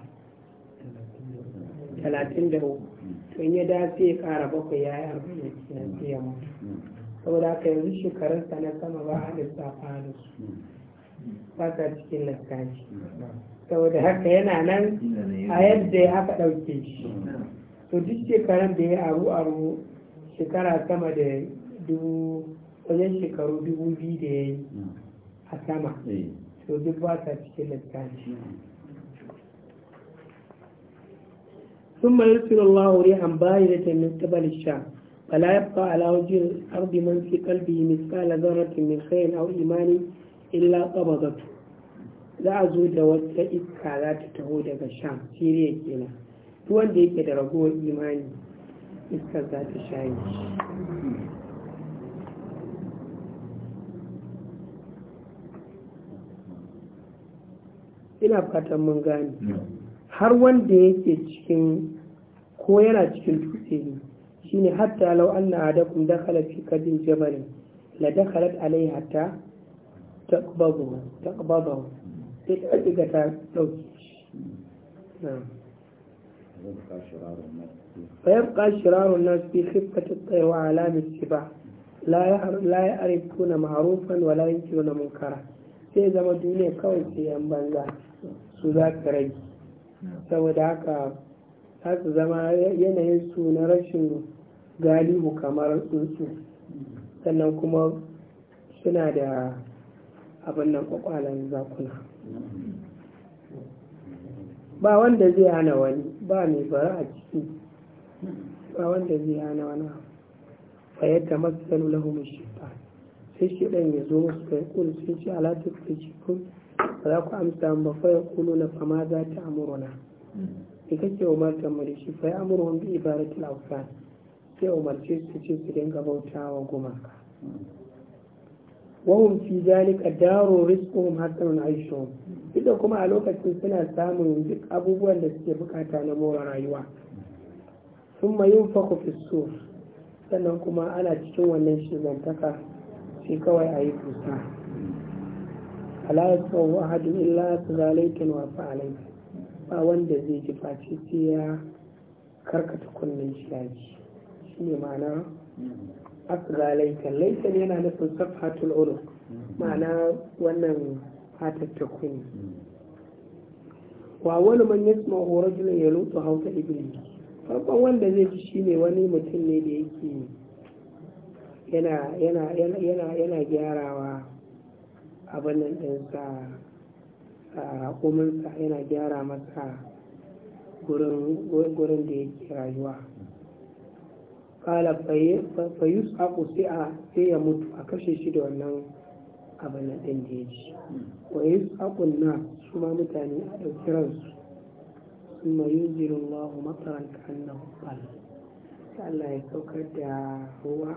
talatin da uku to in ya dace ya kara bakwai ya yi arba'in na siya mutu saboda haka yanzu shekarunsa na sama ba a lissa da su ba sa cikin lissafi saboda haka yana nan a yadda haka ɗauke shi to duk shekarun da ya aru aru shekara sama da dubu wajen shekaru dubu biyu da ya yi a sama eh. to duk ba sa cikin lissafi ثم يرسل الله ريحا باردة من قبل الشام فلا يبقى على وجه الأرض من في قلبه مثقال ذرة من خير أو إيمان إلا قبضته za a zo da wata iska za ta taho daga sham siriya kenan duk wanda yake da ragowar imani iskar za ta shaye ina fatan mun gane har wanda yake cikin ko yana cikin dutse ne shine hatta law anna adakum dakhala fi kadin jabalin la dakhalat alayhi hatta ta taqbabu sai ta diga ta dauke shi فيبقى شرار الناس في خفة الطير وعلام السباع لا يعرفون معروفا ولا na munkara sai zama duniya kawai sai yan banza su za ka rage saboda haka za su zama yanayin su na rashin galihu kamar tsuntsu sannan kuma suna da abin nan kwakwalen zakuna ba wanda zai hana wani ba mai bara a ciki ba wanda zai hana wani ba fayyata masu salu lahumin shi sai shi ɗan ya zo masu kai sun ci alatar da shi ba za ku amsa ba fa ya kulu na fama za ta amuruna da kake umartar mu da shi fa ya amurun bi ibaratul awsan sai umarce su ce su dinga bautawa gumaka wahum fi zalika daru rizquhum hasanun aishuhum duk kuma a lokacin suna samun duk abubuwan da suke bukata na more rayuwa Sun yunfaku fi sur sannan kuma ana cikin wannan shigantaka sai kawai a yi busa ala yasau ahadun illa tazalaikin wasu fa'alaika ba wanda zai ji face sai ya karkata kunnen shi ya ji shi ne ma'ana asgalaikan laitan yana nufin safatul ulu ma'ana wannan fatar ta kuni wa wani man horo horajulun ya lutu hauta iblis farkon wanda zai ji ne wani mutum ne da yake yana gyarawa abinnan ɗinsa a yana gyara masa gurin da yake rayuwa kala fayus aku sai ya mutu a kashe shi da wannan abinnan ɗin da ya ci wayus akun na su ma mutane a ɗauki ransu sun mayu jirin lahu matsaran ka annahu bal Allah ya saukar da ruwa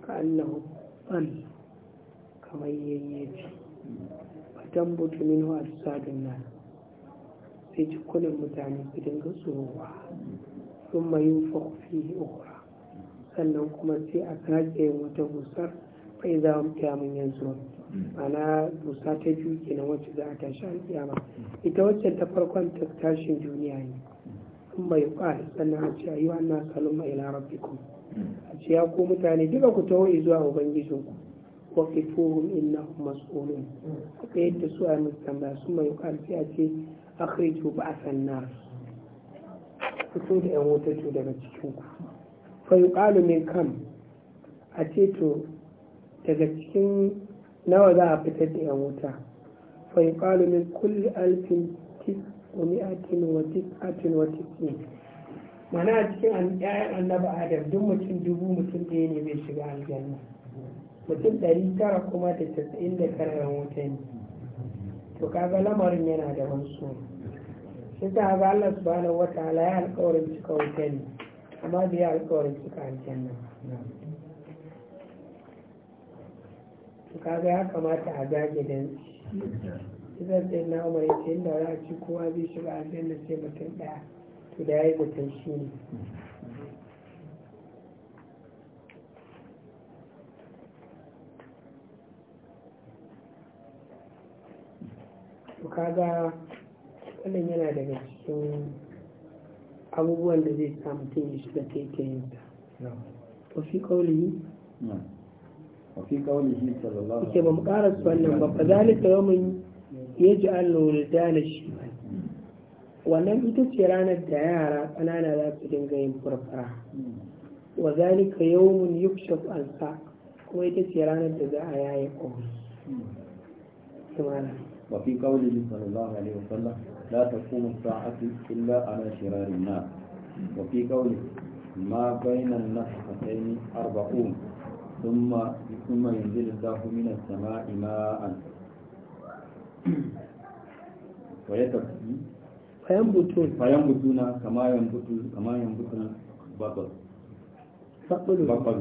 ka annahu bal kamar yayyaci fatan butu min wa sadun nan sai jikunan mutane su dinga tsohuwa sun mayu fafi ukura sannan kuma sai a sake yin wata busar bai za mu mun yanzu ana busa ta biyu kenan wacce za a tashi alkiyama ita wacce ta farkon ta tashin duniya ne sun bai kwa sannan a ce ayyuhan nasu alumma ila rabbikum a ce ya ku mutane duka ku taho zuwa ubangijinku waqifuhum innahum mas'ulun haka yadda su ayi musu tambaya su mai yuqal sai a ce akhriju ba'san nar fito da yan wuta to daga cikin a ce to daga cikin nawa za a fitar da yan wuta fa yuqalu min kulli alfin tis'umi'atin wa tis'atin wa tis'in mana a cikin 'ya'yan annabi adam duk mutum dubu mutum ɗaya ne bai shiga aljanna mutum ɗari tara kuma da casa'in da karar wuta ne to kaga lamarin yana da wansu shi ta ga Allah subhanahu wata ya alƙawarin cika wuta ne amma da ya alƙawarin cika aljanna to kaga ya kamata a zage shi idan sai na umarai ce inda za a ci kowa zai shiga aljanna sai mutum ɗaya to da ya yi mutum shi ne kaga wannan yana daga cikin abubuwan da zai sa mutum ya shiga taitayinsa to fi kauli wafi kaulihi sallallahu ake ba mu ƙara su wannan ba fa zalika yawmin yaj'al wuldana shi wannan ita ce ranar da yara ƙanana za su dinga yin furfara hmm. wa zalika yawmun yukshaf al kuma ita ce ranar da za a yaye ƙauri وفي قوله صلى الله عليه وسلم لا تقوم الساعة إلا على شرار الناس وفي قوله ما بين النفقتين أربعون ثم ثم ينزل الله من السماء ماء ويتبكي فينبتون فينبتون كما ينبت كما ينبت البقر بقر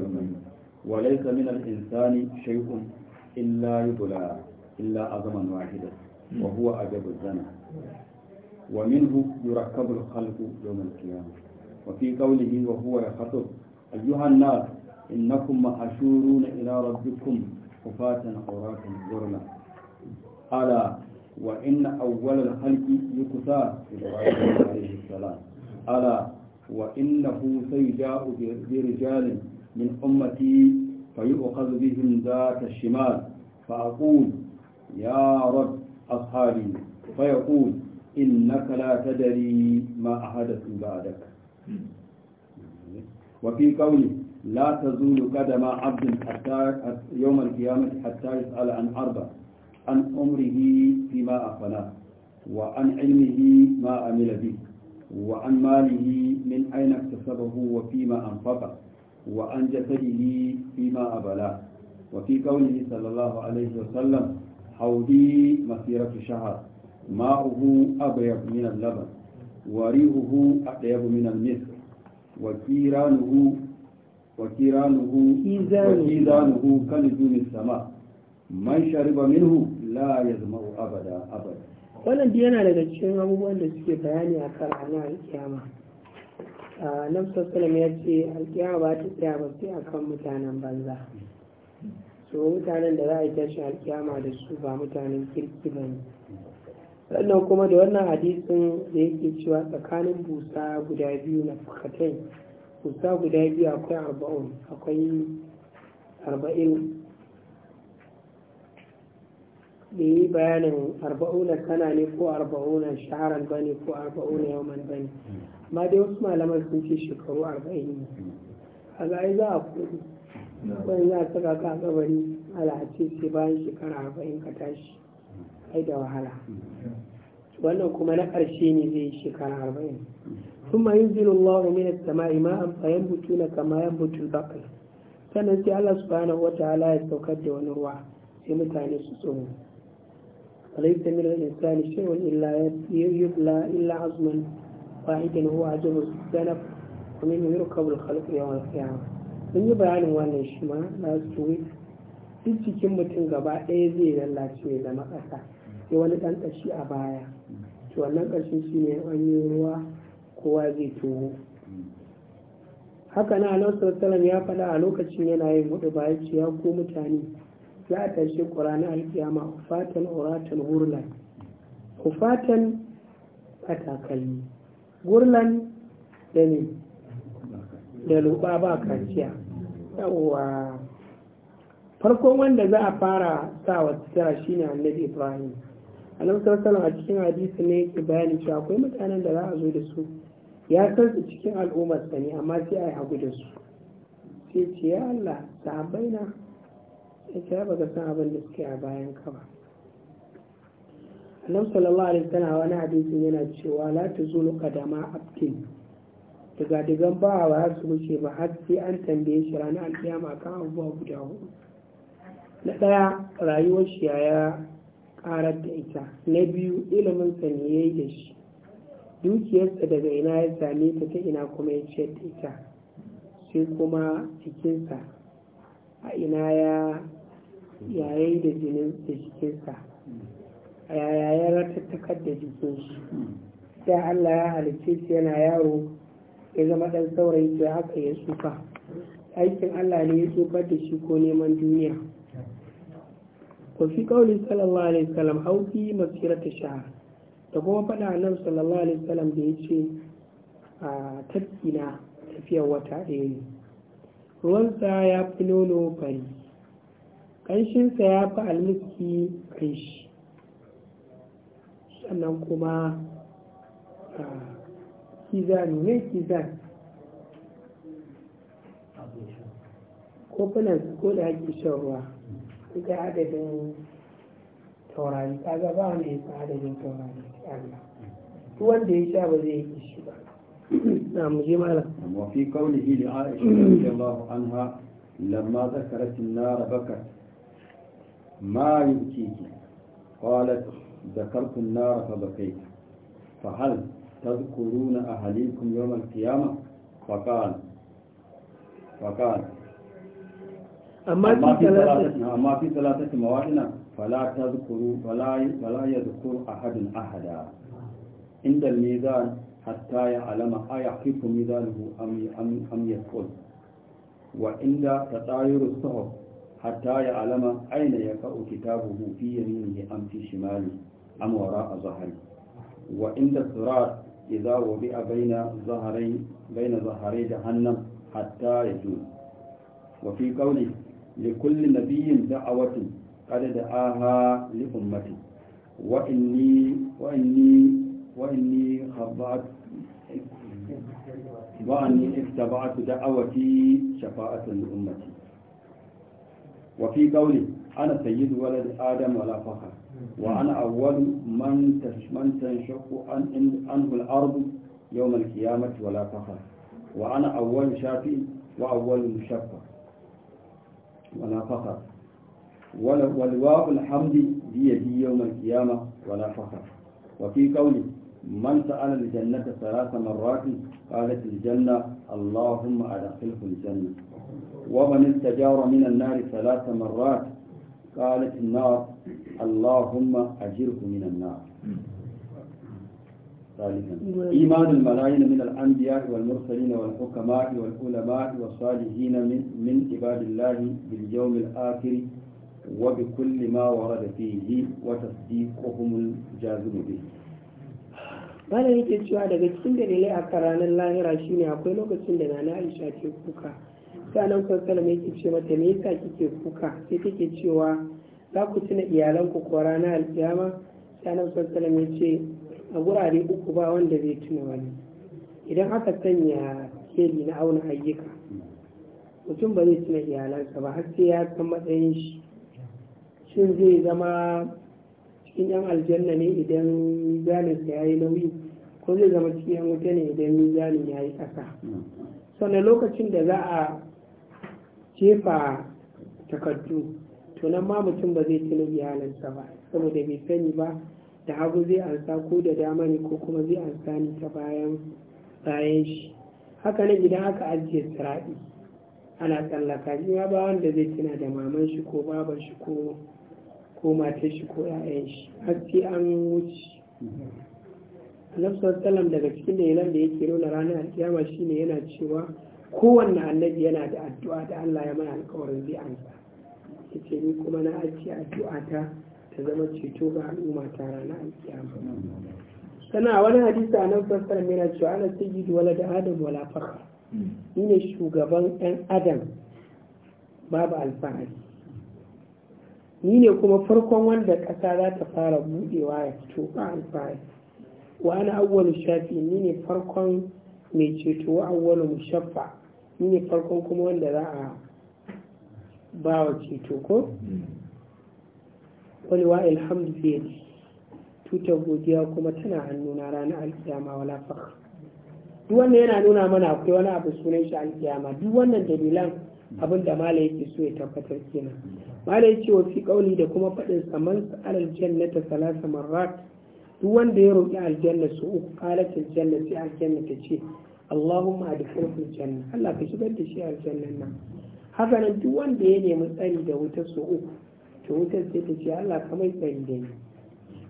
وليس من الإنسان شيء إلا يبلى إلا عظما واحدا وهو أدب الزنا ومنه يركب الخلق يوم القيامة وفي قوله وهو يخطب أيها الناس إنكم مأشورون إلى ربكم حفاة عراة غرلا ألا وإن أول الخلق يكسى إبراهيم عليه السلام ألا وإنه سيجاء برجال من أمتي فيؤخذ بهم ذات الشمال فأقول يا رب أصحابي فيقول إنك لا تدري ما أحدث بعدك وفي قوله لا تزول قدم عبد حتى يوم القيامة حتى يسأل عن أربع عن عمره فيما أخلاه وعن علمه ما عمل به وعن ماله من أين اكتسبه وفيما أنفقه وعن جسده فيما أبلاه وفي قوله صلى الله عليه وسلم حوضي مسيرة شهر ماؤه أبيض من اللبن وريهه أطيب من المسك وكيرانه وكيرانه وكيرانه كنجوم السماء من شرب منه لا يظمأ أبدا أبدا wannan da na daga cikin abubuwan da suke bayani a kan ranar alkiyama a nan sassanin ya ce alkiyama ba ta tsaya ba sai a kan mutanen banza to mutanen da za a yi tashi alkiyama da su ba mutanen kirki ba ne sannan kuma da wannan hadisin da yake cewa tsakanin busa guda biyu na fukatai busa guda biyu akwai arba'un akwai arba'in da yi bayanin arba'una kana ne ko arba'una shaharar ba ne ko arba'una yawman ba ne amma dai wasu malaman sun ce shekaru arba'in ne a za a yi za a kudu wani za saka ka kabari alhaci sai bayan shekara arba'in ka tashi ai da wahala wannan kuma na ƙarshe ne zai shekara arba'in ثم ma الله من butu na kama yan butu البقر sannan sai Allah subhanahu wata ala ya saukar da wani ruwa sai mutane su tsoro alaysa min al-insani shay'un illa yubla illa azman wahidan huwa ajru sanab kuma min yurkabu al-khalqu yawm wani sun yi bayanin wannan shi ma na duk cikin mutum gaba ɗaya zai lalace ya zama ƙasa sai wani ɗan ƙashi a baya to wannan ƙashin shi ne an yi ruwa kowa zai tuhu haka na alaihi salam ya faɗa a lokacin yana yin hudu ba ya ce ya ko mutane za a tashi fatan alkiyama hufatan uratan hurlan hufatan katakalmi gurlan da ne da luɓa ba kaciya yawwa farkon wanda za a fara sawa shi ne annabi ibrahim annabi sallallahu a cikin hadisi ne yake bayani cewa akwai mutanen da za a zo da su ya san su cikin al'ummar sa amma sai a yi hagu da su sai ce ya Allah ta na sai ce ba ka san abin da suke a bayan ka ba annabi sallallahu alaihi wasallam wani hadisin yana cewa la tuzulu qadama abdin digadigan ba ba su wuce ba har sai an tambaye shi ranar alkiyama kan abubuwa guda hudu na ɗaya rayuwar shi ya ƙarar da ita na biyu ilimin sa ne ya yi da shi dukiyarsa daga ina ya same ta ta ina kuma ya ciyar da ita sai kuma jikinsa a ina ya yayi da jinin da jikinsa a ya ratattakar da jikin shi sai allah ya halitta yana yaro ya zama ɗan saurayi sai haka ya tsufa aikin Allah ne ya tsufar da shi ko neman duniya wa fi qawli sallallahu alaihi wasallam aw fi ta sha da kuma faɗa nan sallallahu alaihi wasallam da yace a na tafiyar wata ɗaya ne ruwansa ya fi nono fari ƙanshinsa ya fi almiski ƙanshi sannan kuma kizani ne kizani kofuna ko da ake shan ruwa ita adadin taurari ta ga ba wanda ya adadin taurari Allah wanda ya sha ba zai yi shi ba na mu je mala wa fi qawlihi li aisha radiyallahu anha lamma zakarat an-nar bakat ma yubkiki qalat ذكرت النار فبكيت فهل تذكرون أهليكم يوم القيامة فقال فقال أما في ثلاثة أما في ثلاثة مواطن فلا تذكروا فلا فلا يذكر أحد أحدا عند الميزان حتى يعلم أيقف ميزانه أم أم أم يقول وعند تطاير الصحف حتى يعلم أين يقع كتابه في يمينه أم في شماله أم وراء ظهره وعند الصراط idza a baina zahrayn baina zahray jahannam hatta yajuz wa fi qawli li kulli nabiyyin da'awatun qad da'aha li ummati wa inni wa inni wa inni khabat wa anni ittaba'tu shafa'atan li ummati wa fi أنا سيد ولد آدم ولا فخر وأنا أول من من تنشق عنه الأرض يوم القيامة ولا فخر وأنا أول شافي وأول مشفى ولا فخر ولواء الحمد بيدي يوم القيامة ولا فخر وفي قوله من سأل الجنة ثلاث مرات قالت الجنة اللهم أدخله الجنة ومن استجار من النار ثلاث مرات قالت النار اللهم أجره من النار ذلك إيمان الملايين من الأنبياء والمرسلين والحكماء والعلماء والصالحين من, من عباد الله باليوم الآخر وبكل ما ورد فيه وتصديقهم الجازم به malam yake cewa daga cikin dalilai a ranar lahira shine akwai lokacin da nana aisha ke kuka sai nan kuma yake ce mata me yasa kike kuka sai take cewa za ku tuna iyalanku ko ranar alkiyama sai nan kuma ce a gurare uku ba wanda zai tuna wani idan aka sanya keli na auna ayyuka mutum ba zai tuna iyalansa ba har sai ya san matsayin shi shin zai zama cikin yan aljanna ne idan mizaninsa ya yi nauyi ko zai zama cikin yan wuta ne idan yarin ya yi ƙasa sannan lokacin da za a jefa takardu to nan ma mutum ba zai tuna iyalansa ba saboda bai sani ba da hagu zai ansa ko da dama ne ko kuma zai ansa ni ta bayan bayan shi haka nan idan aka ajiye siraɗi ana tsallaka shi ma ba wanda zai tuna da maman shi ko baban shi ko ko matar shi ko 'ya'yan shi har sai an wuce Allah sallallahu daga cikin dalilan da yake nuna ranar alkiyama shine yana cewa kowanne annabi yana da addu'a da Allah ya mana alkawarin zai amsa ya ce ni kuma na ajiye addu'a ta ta zama ceto ga al'umma ta rana alkiyama sana wani hadisi a nan fassara na cewa ana sayyidu wala da adam wala fakar ni ne shugaban ɗan adam babu alfahari ni ne kuma farkon wanda ƙasa za ta fara buɗewa ya fito ba alfahari wa ana awwalu shafi ni ne farkon mai ceto wa awwalu mushaffa shi ne farkon kuma wanda za a ba wa ceto ko waliwa alhamdu tutar godiya kuma tana hannuna ranar alkiyama wala fakar duk wannan yana nuna mana akwai wani abu sunan shi alkiyama duk wannan dalilan abin da mala yake so ya tabbatar kenan mala yake wa fi kauli da kuma faɗin saman alal jannata salasa marrat duk wanda ya roƙi aljanna su uku qalat aljanna sai aljanna ta ce Allahumma adkhilhu janna Allah ka shigar da shi aljannan nan haka nan duk wanda ya nemi tsari da wuta so uku to wutar sai ta ce Allah ka mai tsari da ni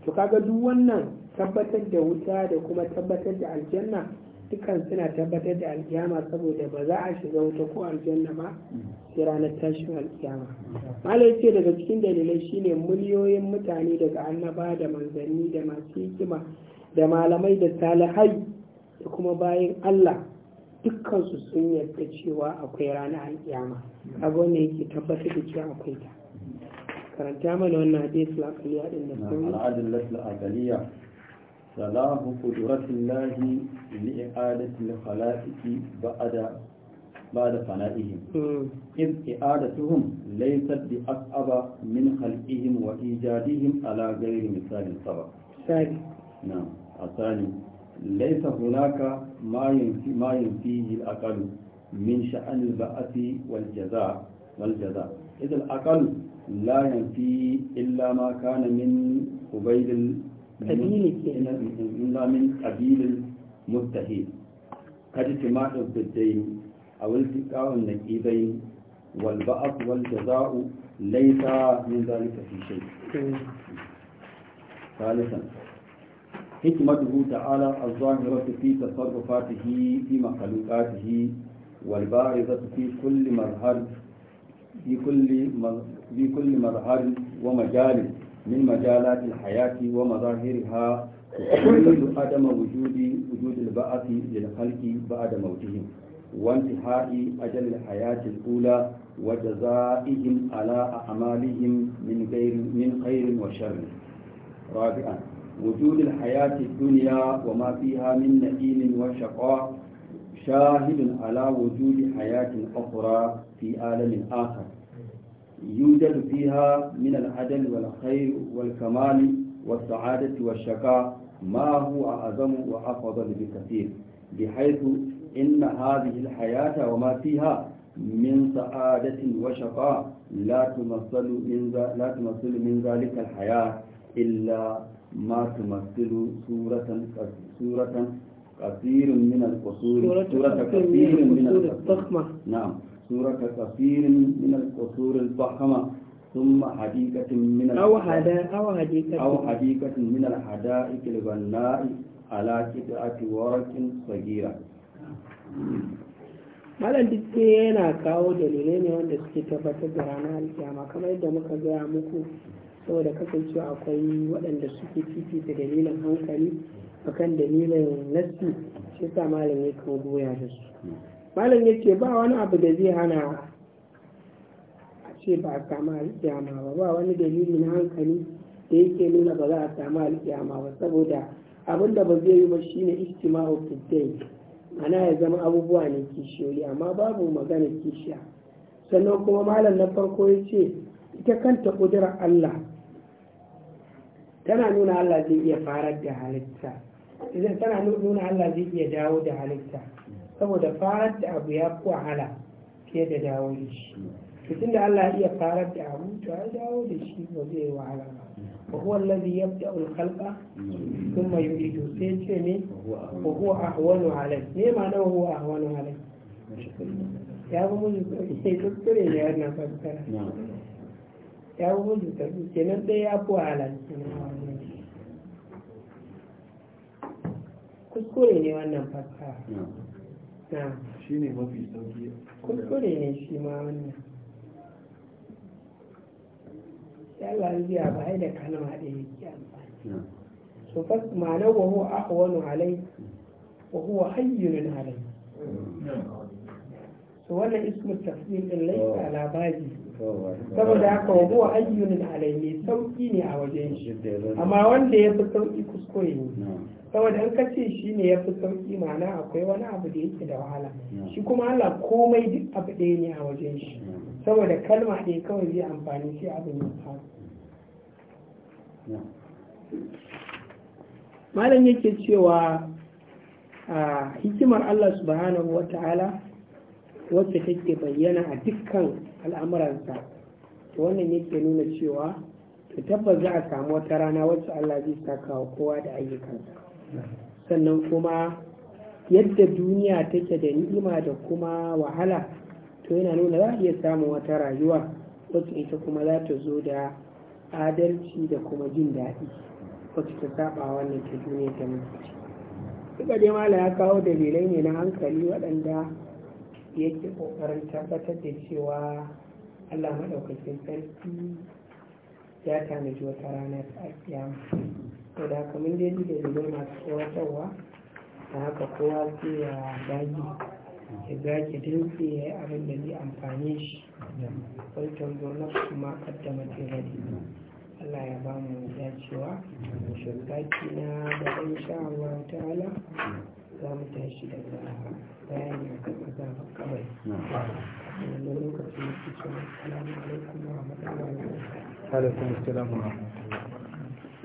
to duk wannan tabbatar da wuta da kuma tabbatar da aljanna dukkan suna tabbatar da alkiyama saboda ba za a shiga wuta ko aljanna ba sai ranar tashin alkiyama malai ce daga cikin dalilai shine miliyoyin mutane daga annaba da manzanni da masu hikima da malamai da salihai da kuma bayan Allah dukkansu sun yarda cewa akwai rana alƙiyama abu wanda yake tabbatar da cewa akwai ta karanta mana wannan hadisi al-aqliya din da sun al-adillatu al-aqliya صلاح قدرة الله لإعادة الخلائق بعد بعد فنائهم إذ إعادتهم ليست بأصعب من خلقهم وإيجادهم على غير مثال سبق نعم الثاني laisa hunaka ma yanfi ma yanfihi al-aqal min sha'an al-ba'ati wal jaza wal jaza idan aqal la illa ma kana min ubayd قبيل إلا من قبيل المتحد كاجتماع الضدين أو التقاء النكيبين والبعث والجزاء ليس من ذلك fi shai ثالثا حكمته تعالى الظاهرة في تصرفاته في مخلوقاته والبارزة في كل مظهر في كل في كل مظهر ومجال من مجالات الحياة ومظاهرها تؤكد عدم وجود وجود البعث للخلق بعد موتهم وانتهاء أجل الحياة الأولى وجزائهم على أعمالهم من غير من خير وشر رابعا وجود الحياة الدنيا وما فيها من نعيم وشقاء شاهد على وجود حياة أخرى في عالم آخر يوجد فيها من العدل والخير والكمال والسعادة والشقاء ما هو أعظم وأفضل بكثير بحيث إن هذه الحياة وما فيها من سعادة وشقاء لا تمثل من لا تمثل من ذلك الحياة إلا ما تمثل سورة سورة كثير من القصور سورة كثير من الضخمة نعم سورة كثير من القصور الضخمة ثم حديقة من أو حدا أو حديقة أو حديقة من الحدائق البناء على قطعة ورق صغيرة malam duk yana kawo dalilai ne wanda suke tabbatar da ranar alkiyama kamar yadda muka gaya muku saboda kasancewa akwai waɗanda suke da dalilin hankali kan dalilin nassi shi sa malam ya kan goya da su malam ya ce ba wani abu da zai hana a ce ba a samu alƙiyama ba ba wani dalili na hankali da yake nuna ba za a samu alƙiyama ba saboda abin da ba zai yi ba shine istima'u fiddai ana ya zama abubuwa ne kishiyoyi amma babu magana kishiya sannan kuma malam na farko ya ce ita kanta ƙudurar Allah tana nuna Allah zai iya farar da halitta idan tana nuna Allah zai iya dawo da halitta saboda farar da abu ya fi wahala fiye da dawo da shi tun da Allah iya farar da abu to ya dawo da shi ba zai wahala ba wa huwa allazi yabda'u al-khalqa thumma yu'idu sai ce ne wa huwa ahwanu alayh ne ma da huwa ahwanu alayh ya ga mun sai kuskure ne yana fassara ya gudu ta biyu kenan ɗaya ya fi wahala kuskure ne wannan fasaha na shi ne mafi sauki kuskure ne shi ma wannan Allah biya ba da kalma ɗaya ke amfani so fas ma'anar wa a ahwanu alai wa huwa hanyoyin alai so wannan ismu tafsir ɗin laifin labari saboda haka wa ayyunin alayhi sauki ne a wajen shi amma wanda ya fi sauki kuskure ne saboda in ka ce shi ne ya fi sauki mana akwai wani abu da yake da wahala shi kuma Allah komai duk abu ɗaya ne a wajen shi saboda kalma ɗaya kawai zai amfani sai abu ya malam yake cewa a hikimar Allah subhanahu wa ta'ala wacce take bayyana a dukkan al'amuransa wannan yake nuna cewa ta tabbas za a samu wata rana wacce Allah zai saka wa kowa da ayyukansa sannan kuma yadda duniya take da ni'ima da kuma wahala to yana nuna za a iya samun wata rayuwa wacce ita kuma za ta zo da adalci da kuma jin daɗi wacce ta saba wannan ta duniya ta mutunci duka dai mala ya kawo dalilai ne na hankali waɗanda yake kokarin tabbatar da cewa allah maɗaukacin sarki ya tanaji wata rana ta alkiyama to da haka mun dai da zubar masu tsawatarwa da haka kowa sai ya dage ya zaki dutse ya yi abin da zai amfani shi wani tambo na kuma kaddama tirari Allah ya ba mu dacewa shirgaki na da insha Allah ta'ala za mu tashi daga bayani a kan wanda lokaci ne ke alaikum wa rahmatullahi wa barakatuh